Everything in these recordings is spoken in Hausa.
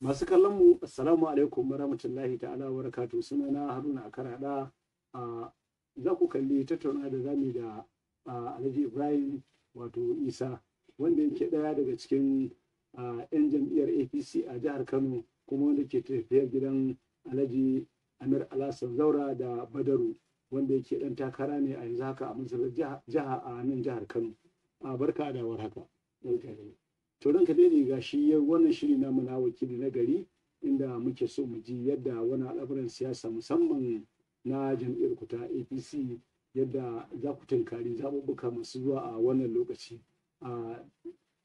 masu kallon mu assalamu alaikum warahmatullahi ta'ala barakatu suna na haruna karaɗa a za ku kalli tattauna da zami da alhaji ibrahim wato isa wanda yake ɗaya daga cikin yan jam'iyyar apc a jihar kano kuma wanda ke tafiyar gidan alhaji amir alasan zaura da badaru wanda yake dan takara ne a yanzu haka a matsalar jiha a nan jihar kano a barka da war haka to ka daidai ga shi wannan shiri na na wakili na gari inda muke so mu ji yadda wani al'amuran siyasa musamman na jam'iyyar kuta apc yadda za ku tunkari zaɓuɓɓuka masu zuwa a wannan lokaci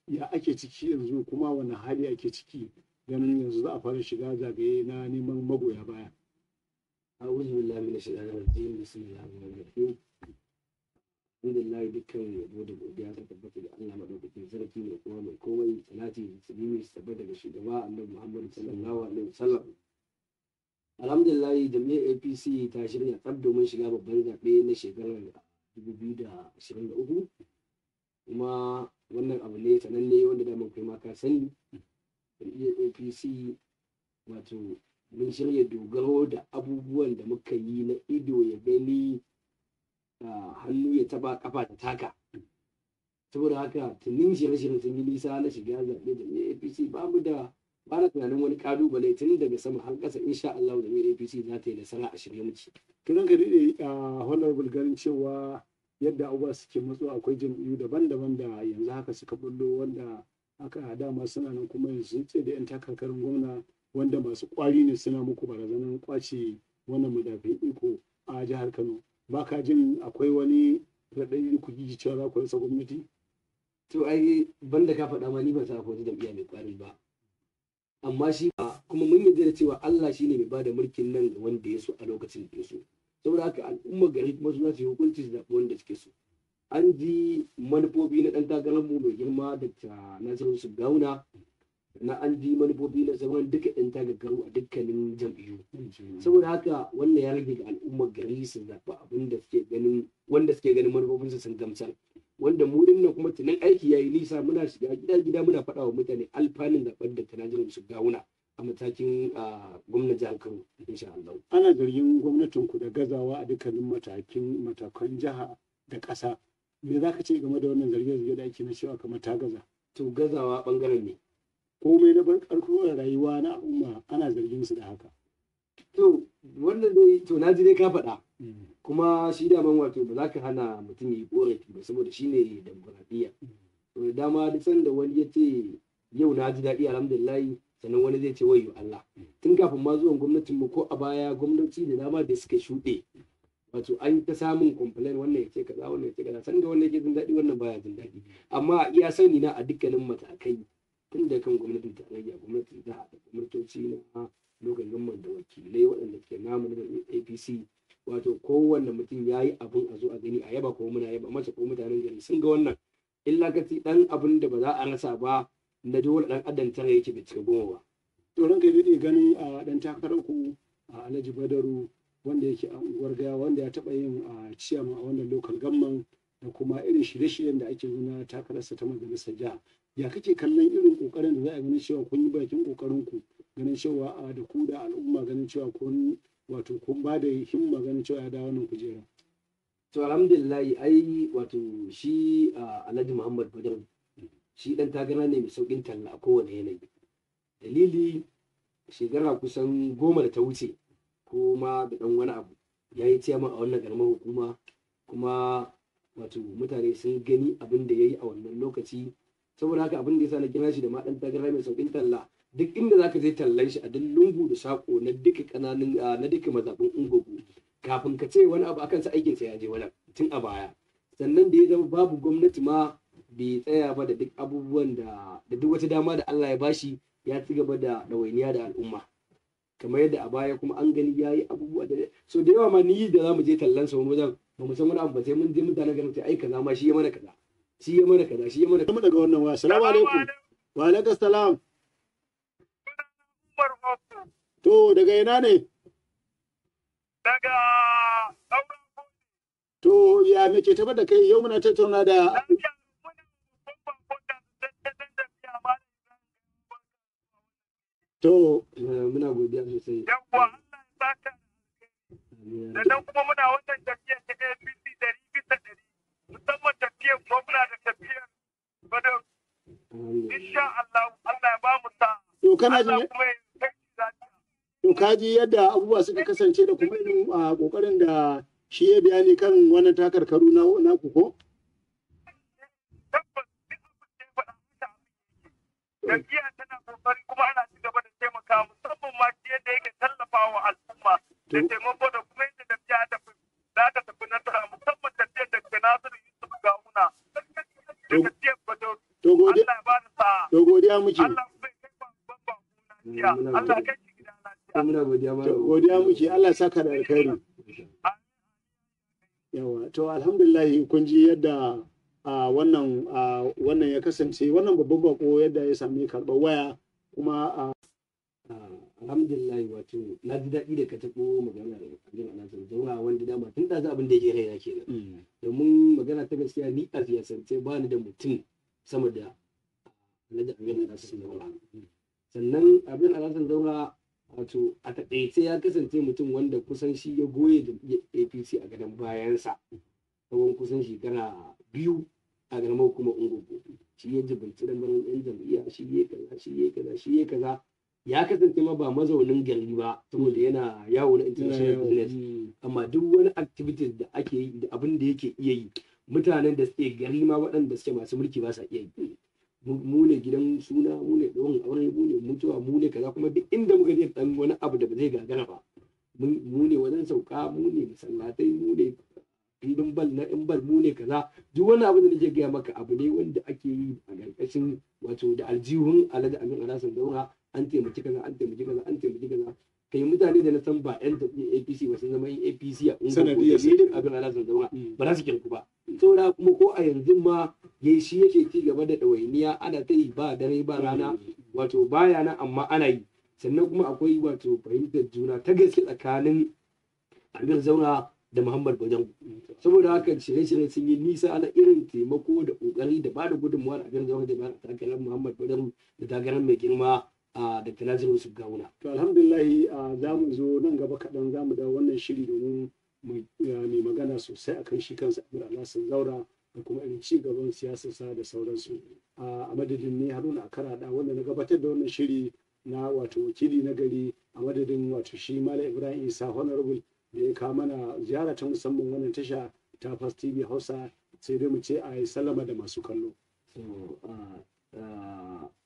ya ake ciki yanzu kuma wani hali ake ciki ganin yanzu za a fara shiga zagaye na neman magoya baya أعوذ بالله من الشيطان الرجيم بسم الله الرحمن الرحيم الحمد لله dukkan yabo da godiya ta tabbata ga Allah madaukakin sarki da kuma mai komai salati da salimi tabbata daga shugaba Annabi Muhammad sallallahu alaihi wasallam Alhamdulillah jami'ar APC ta shirya tsab domin shiga babban zaɓe na shekarar 2023 kuma wannan abu ne sananne wanda da mun kai ma ka sani APC wato mun shirya dogaro da abubuwan da muka yi na ido ya gani hannu ya taba kafa ta taka saboda haka tunin shirye-shiryen sun yi nisa na shiga zaɓe da mai apc ba mu da ba na tunanin wani kalubale tun daga sama har ƙasa insha Allah da mai apc za ta yi nasara a shirye muke. kiran ka daɗe eh, a honorable bulgarin cewa yadda abubuwa suke matsuwa akwai jam'iyyu daban-daban da yanzu haka suka bullo wanda aka dama suna nan kuma yanzu ce da 'yan takarkarin gwamna wanda masu kwari ne suna muku barazanar kwace wannan madafin iko a jihar Kano ba ka jin akwai wani raɗaɗi da kuke ji cewa za ku rasa gwamnati? To ai banda ka faɗa ma ni ban san akwai wata mai kwari ba. Amma shi ba kuma mun yarda da cewa Allah shi ne mai bada mulkin nan ga wanda ya so a lokacin da ya so. Saboda haka al'umma gari kuma suna za hukunci da wanda suke so. An ji manufofi na ɗan mu mai girma da ta Nasiru gauna. na an bi manufofi na zaman duka yan gaggaru a dukkanin jam'iyyu saboda haka wannan ya rage ga al'ummar gari su zaɓi abin da suke ganin wanda suke ganin su sun gamsar wanda mu dinnan kuma tunan aiki yayi nisa muna shiga gida gida muna faɗa wa mutane alfanun zaɓar da jiran su gawuna a matakin gwamnati jihar Kano insha Allah ana zargin gwamnatin ku da gazawa a dukkanin matakin matakan jiha da ƙasa me zaka ce game da wannan zarge-zarge da ake na cewa kamar ta gaza to gazawa bangaren ne komai na ban karkuwar rayuwa na al'umma ana zargin su da haka to wannan dai to na ji dai ka faɗa mm. kuma shi da man wato ba za ka hana mutum ya yi korafi ba saboda shi ne demokuraɗiyya to da dama duk sanda wani ya ce yau na ji daɗi alhamdulillah sannan wani zai ce wayo Allah tun kafin ma zuwan gwamnatin mu ko a baya gwamnati da dama da suka shuɗe wato an ta samun complain wannan ya ce kaza wannan ya ce kaza san ga ya yake jin daɗi wannan baya jin daɗi amma iya sani na a dukkanin matakai tun da kan gwamnatin tarayya gwamnatin jiha da gwamnatoci na lokacin man da wakilai waɗanda ke namu na apc wato kowanne mutum ya yi abin a zo a gani a yaba ko muna yaba masa ko mutanen gari sun ga wannan illa ka ci ɗan abin da ba za a rasa ba na dole ɗan adam tara yake bai cika goma ba. to ranka yi gani a ɗan takarar ku a alhaji badaru wanda yake a wanda ya taɓa yin a ciyama a wannan lokal gamman da kuma irin shirye-shiryen da ake nuna takararsa ta majalisa jiha ya kake kallon irin kokarin da za a ganin cewa kun yi bakin kokarin ku ganin cewa a da ku da al'umma ganin cewa kun wato kun ba da himma ganin cewa ya dawo nan kujera to alhamdulillah ai wato shi alhaji muhammad badaru shi dan tagana ne mai saukin talla a kowane yanayi dalili shekara kusan goma da ta wuce ko ma da dan wani abu ya yi ciyama a wannan garman hukuma kuma wato mutane sun gani abin da ya yi a wannan lokaci saboda haka abin da ya sa na kira shi da ma ɗan mai sauƙin talla duk inda zaka je tallan shi a duk lungu da sako na duka kananun na duka mazabin kafin ka ce wani abu akan sa aikin sa ya je wani tun a baya sannan da ya zama babu gwamnati ma bai tsaya ba da duk abubuwan da da duk wata dama da Allah ya bashi ya ci gaba da ɗawainiya da al'umma kamar yadda a baya kuma an gani ya yi abubuwa da so da yawa ma ni da za mu je tallan sa wajen ba mu san wani abu ba sai mun je mutane ganin sai ai kaza ma shi ya mana kaza shi ya mana kaza shi ya mana kaza daga wannan waya assalamu alaikum wa alaikum salam to daga ina ne daga to ya me ta bada kai yau muna tattauna da To, eh, muna godiya sosai. Yawwa, Allah ya saka. Da nan kuma muna wannan da Insha Allah Allah ya ba mu sa. To kana ji To kaji yadda abubuwa suka kasance da kuma irin kokarin da shi ya bayani kan wannan takarkaru na ku ko? Gaskiya tana kokari kuma ana ci gaba da taimaka musamman ma shi yadda yake tallafa wa al'umma da taimako da kuma yadda da za ta tafi na nasara musamman da tafiyar da Nasiru godiya muke Allah godiya muke Allah saka da alkhairi yawa to alhamdulillah kun ji yadda wannan wannan ya kasance wannan babban bako yadda ya sami karɓar waya kuma alhamdulillah wato na ji daɗi da ka taɓo magana da abin alhassan zaura wanda dama tun da za abin da ya raina nan mm. domin magana ta gaskiya ni a siyasance ba ni da mutum sama da alhaji amir alhassan daura sannan abin alhassan daura wato a taƙaice ya kasance mutum wanda kusan shi ya goye da apc a gadon bayansa tsawon kusan shekara biyu a garin hukumar ungogo shi ya jibinci lamarin yan jam'iyya shi ya kaza shi ya kaza shi ya kaza ya kasance ma ba mazaunin gari ba saboda yana yawo na international business mm. amma duk wani activities da ake yi da abin da yake iya yi mutanen da suke gari ma waɗanda suke masu mulki ba sa iya yi mu ne gidan suna mu ne ɗaurin aure mu ne mutuwa mu ne kaza kuma duk inda muka je dan wani abu da ba zai gagara ba mu ne wajen sauka mu ne masallatai mu ne filin bal na in bal mu ne kaza duk wani abu da nake gaya maka abu ne wanda ake yi a ƙarƙashin wato da aljihun alhaji amin alasan daura an taimaki kaza an taimaki kaza an taimaki kaza kai mutane da na san ba yan apc ba sun zama yin apc a ungo ko da abin alasan daura ba za su mm. kirku ba saboda kuma ko a yanzu ma ya yake ci gaba da ɗawainiya ana ta yi ba dare ba rana wato baya nan amma ana yi sannan kuma akwai wato fahimtar juna ta gaske tsakanin amir zauna da muhammad bajan saboda haka shirye-shirye sun yi nisa ana irin taimako da kokari da bada gudunmuwa da amir zauna da bayar takarar muhammad bajan da takarar mai girma a dr nasiru su gawuna. to a za mu zo nan gaba kaɗan za mu dawo wannan shiri domin mai magana sosai akan shi kansa amir alhassan zaura da kuma irin ci gaban sa da sauransu a madadin ni haruna a da wanda na gabatar da wannan shiri na wato wakili na gari a madadin wato shi malam ibrahim isa honorable da ya kawo mana ziyara ta musamman wannan tasha ta fast tv hausa sai dai mu ce a yi sallama da masu kallo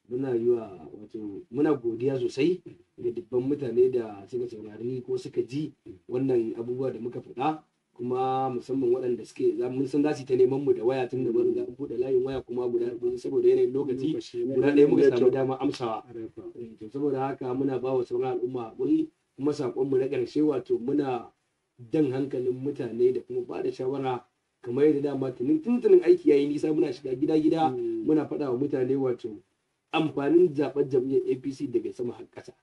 muna yi wa wato muna godiya sosai ga dubban mutane da suka saurari ko suka ji wannan abubuwa da muka faɗa kuma musamman waɗanda suke mun san za su ta neman mu da waya tun da mun ga buɗe layin waya kuma guda saboda yanayin lokaci guda ɗaya muka samu dama amsawa to saboda haka muna ba wa sauran al'umma hakuri kuma saƙonmu na ƙarshe wato muna jan hankalin mutane da kuma ba da shawara kamar yadda dama tunin tuntunin aiki yayi nisa muna shiga gida gida mm. muna faɗa wa mutane wato amfanin zaɓen jam'iyyar apc daga sama har ƙasa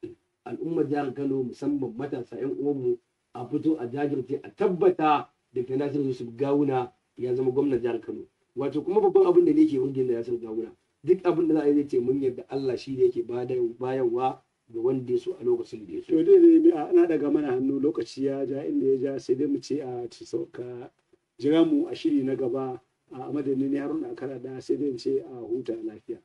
al'ummar jihar kano musamman matasa 'yan uwanmu a fito a jajirce a tabbata Dr. Nasir Yusuf Gawuna ya zama gwamnan jihar Kano wato kuma babban abin da ne ke wurgin da Gawuna duk abin da za a yi zai ce mun yarda Allah shi ne yake bayarwa ga wanda ya so a lokacin da ya so. To dai dai ana daga mana hannu lokaci ya ja inda ya ja sai dai mu ce a sauka jira mu a shiri na gaba a madadin yaron a kara da sai dai ce a huta lafiya.